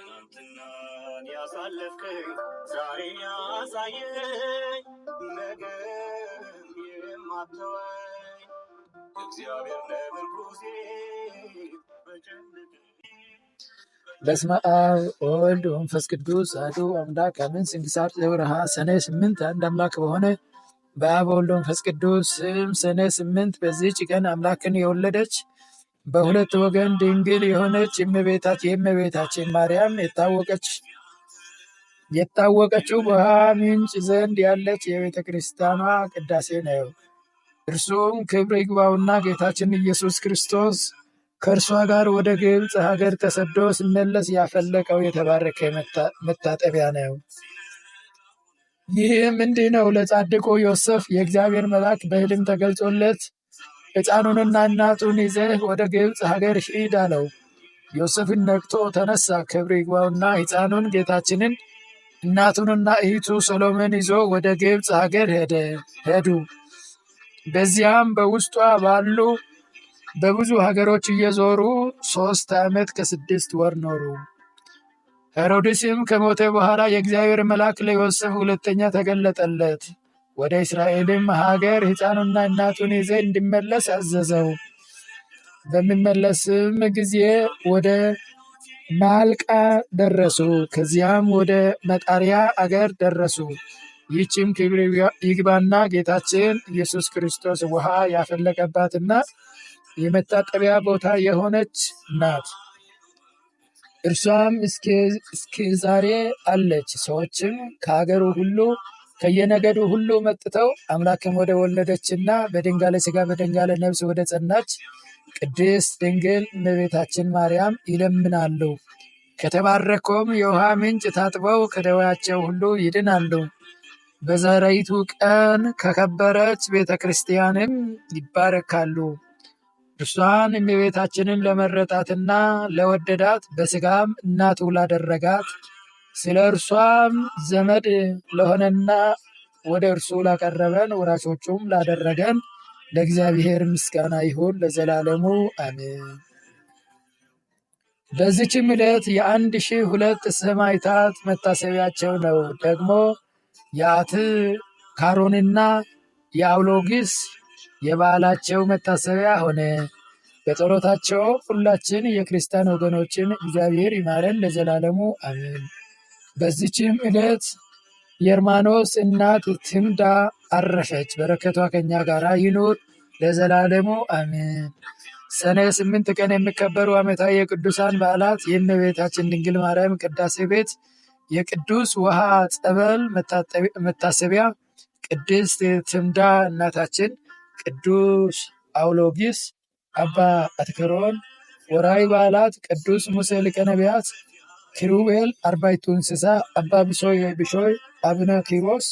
ትናንትናን ያሳለፍከኝ ዛሬ ያሳየኝ ነገም እግዚአብሔር በስመ አብ ወወልድ ወመንፈስ ቅዱስ አሐዱ አምላክ አሜን። ስንክሳር ዘወርኀ ሰኔ ስምንት አንድ አምላክ በሆነ በአብ ወልድ መንፈስ ቅዱስ ስም ሰኔ ስምንት በዚህች ቀን አምላክን የወለደች በሁለት ወገን ድንግል የሆነች የእመቤታችን ማርያም የታወቀች የታወቀችው በውሃ ምንጭ ዘንድ ያለች የቤተ ክርስቲያኗ ቅዳሴ ነው። እርሱም ክብር ይግባውና ጌታችን ኢየሱስ ክርስቶስ ከእርሷ ጋር ወደ ግብፅ ሀገር ተሰዶ ሲመለስ ያፈለቀው የተባረከ መታጠቢያ ነው። ይህም እንዲህ ነው። ለጻድቁ ዮሴፍ የእግዚአብሔር መልአክ በሕልም ተገልጾለት ሕፃኑንና እናቱን ይዘህ ወደ ግብፅ ሀገር ሂድ አለው። ዮሴፍን ነቅቶ ተነሳ፣ ክብር ይግባውና ሕፃኑን ጌታችንን እናቱንና እህቱ ሰሎሜን ይዞ ወደ ግብፅ ሀገር ሄዱ። በዚያም በውስጧ ባሉ በብዙ ሀገሮች እየዞሩ ሦስት ዓመት ከስድስት ወር ኖሩ። ሄሮድስም ከሞተ በኋላ የእግዚአብሔር መልአክ ለዮሴፍ ሁለተኛ ተገለጠለት። ወደ እስራኤልም ሀገር ሕፃኑና እናቱን ይዘ እንዲመለስ አዘዘው። በሚመለስም ጊዜ ወደ ማልቃ ደረሱ። ከዚያም ወደ መጣሪያ አገር ደረሱ። ይህችም ክብር ይግባና ጌታችን ኢየሱስ ክርስቶስ ውሃ ያፈለቀባትና የመታጠቢያ ቦታ የሆነች ናት። እርሷም እስከ ዛሬ አለች። ሰዎችም ከሀገሩ ሁሉ ከየነገዱ ሁሉ መጥተው አምላክም ወደ ወለደችና በድንጋሌ ሥጋ በድንጋሌ ነብስ ወደ ጸናች ቅድስት ድንግል እመቤታችን ማርያም ይለምናሉ። ከተባረከውም የውሃ ምንጭ ታጥበው ከደዌያቸው ሁሉ ይድናሉ። በዘረይቱ ቀን ከከበረች ቤተ ክርስቲያንም ይባረካሉ። እርሷን እመቤታችንን ለመረጣትና ለወደዳት በሥጋም እናቱ ላደረጋት ስለ እርሷም ዘመድ ለሆነና ወደ እርሱ ላቀረበን ወራሾቹም ላደረገን ለእግዚአብሔር ምስጋና ይሁን ለዘላለሙ አሜን። በዚችም ዕለት የአንድ ሺህ ሁለት ሰማዕታት መታሰቢያቸው ነው። ደግሞ የአት ካሮንና የአውሎጊስ የበዓላቸው መታሰቢያ ሆነ። በጸሎታቸው ሁላችን የክርስቲያን ወገኖችን እግዚአብሔር ይማረን ለዘላለሙ አሜን። በዚችም ዕለት የርማኖስ እናት ትምዳ አረፈች። በረከቷ ከኛ ጋር ይኑር ለዘላለሙ አሜን። ሰኔ ስምንት ቀን የሚከበሩ ዓመታዊ የቅዱሳን በዓላት የእመቤታችን ድንግል ማርያም ቅዳሴ ቤት፣ የቅዱስ ውሃ ጸበል መታሰቢያ፣ ቅድስት ትምዳ እናታችን፣ ቅዱስ አውሎጊስ፣ አባ አትከሮን። ወራዊ በዓላት ቅዱስ ሙሴ ሊቀ ነቢያት ኪሩቤል አርባዕቱ እንስሳ፣ አባ ብሶይ ብሾይ፣ አቡነ ኪሮስ፣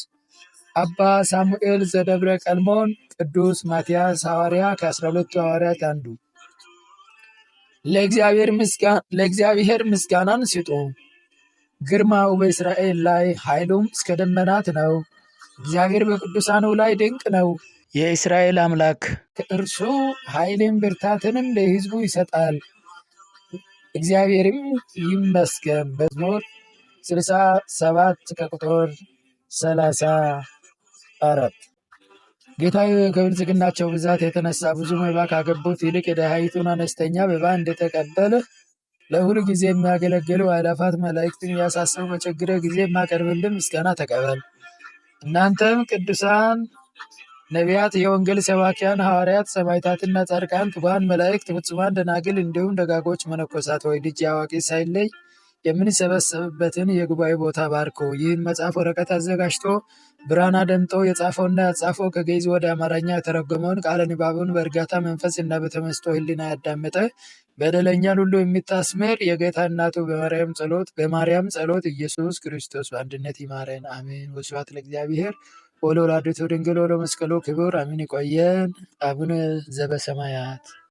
አባ ሳሙኤል ዘደብረ ቀልሞን፣ ቅዱስ ማትያስ ሐዋርያ ከ12ቱ ሐዋርያት አንዱ። ለእግዚአብሔር ምስጋናን ስጡ፣ ግርማው በእስራኤል ላይ ኃይሉም እስከ ደመናት ነው። እግዚአብሔር በቅዱሳኑ ላይ ድንቅ ነው። የእስራኤል አምላክ ከእርሱ ኃይልን ብርታትንም ለሕዝቡ ይሰጣል። እግዚአብሔርም ይመስገን። መዝሙር ስልሳ ሰባት ከቁጥር ሰላሳ አራት ጌታ ከብልጽግናቸው ብዛት የተነሳ ብዙ መባ ካገቡት ይልቅ የደሃይቱን አነስተኛ መባ እንደተቀበለ ለሁሉ ጊዜ የሚያገለግሉ አእላፋት መላእክትን እያሳሰቡ በችግረ ጊዜ የማቀርብልን ምስጋና ተቀበል። እናንተም ቅዱሳን ነቢያት፣ የወንጌል ሰባኪያን ሐዋርያት፣ ሰማዕታትና ጻድቃን፣ ትጉሃን መላእክት፣ ፍጹማን ደናግል እንዲሁም ደጋጎች መነኮሳት ወይ ልጅ አዋቂ ሳይለይ የምንሰበሰብበትን የጉባኤ ቦታ ባርኮ ይህን መጽሐፍ ወረቀት አዘጋጅቶ ብራና ደምጦ የጻፈውና ያጻፈው ከግዕዝ ወደ አማርኛ የተረጎመውን ቃለ ንባቡን በእርጋታ መንፈስ እና በተመስጦ ሕሊና ያዳመጠ በደለኛን ሁሉ የሚታስምር የጌታ እናቱ በማርያም ጸሎት በማርያም ጸሎት ኢየሱስ ክርስቶስ በአንድነት ይማረን፣ አሜን። ወስብሐት ለእግዚአብሔር። ወለወላዲቱ ድንግል ወለመስቀሉ ክቡር አሜን። ይቆየን። አቡነ ዘበሰማያት